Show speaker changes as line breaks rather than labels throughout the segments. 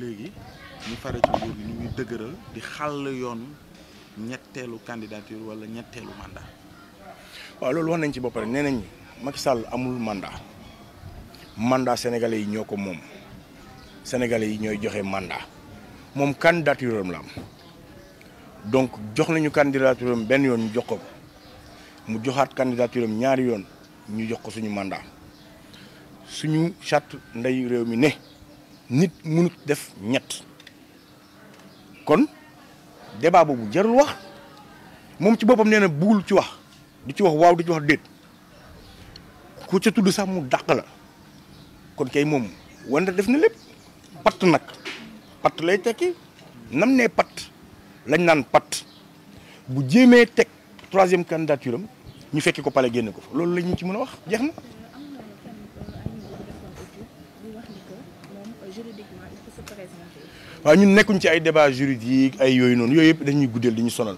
léegi ñu fare ci nguur ñu ngi dëgëral di xàll yoon ñetteelu candidature wala ñetteelu mandat. waaw loolu wax nañ ci boppam nee nañ Macky Sall amul mandat mandat sénégalais yi ñoo ko moom sénégalais yi ñooy joxe mandat moom candidature am la am donc jox nañu candidature am benn yoon ñu jox ko mu joxaat candidature am ñaari yoon ñu jox ko suñu mandat suñu charte ndey réew mi ne. nit mënut def ñett kon débat boobu jarul wax moom ci boppam nee na buggul ci wax du ci wax waaw di ci wax déet ku ci tudd sax mu dàq la kon kay moom wante def na lépp patt nag patt lay tekki nam ne patt lañ naan patt bu jéemee teg troisième candidature ñu fekki ko pale génne ko fa loolu lañu ci mën a wax jeex na
juridiquement il
faut ñun nekkuñ ci ay débat juridique ay yooyu noonu yooyu yëpp dañuy guddeel di ñu sonal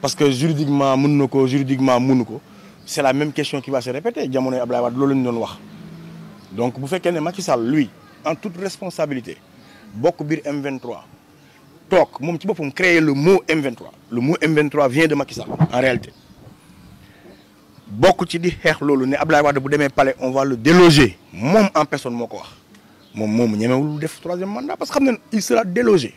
parce que juridiquement mën na ko juridiquement mënu ko c'est la même question qui va se répéter jamonoy Abdoulaye Wade loolu lañu doon wax donc bu fekkee ne Macky Sall lui en toute responsabilité bokk biir m took moom ci boppam créer le mot M23 le mot M23 vient de Macky Sall en réalité bokk ci di xeex loolu ne Abdoulaye Wade bu demee palais on va le déloger en personne moo ko wax moom moomu ñemewul def troisième mandat parce que xam ne il sera délogé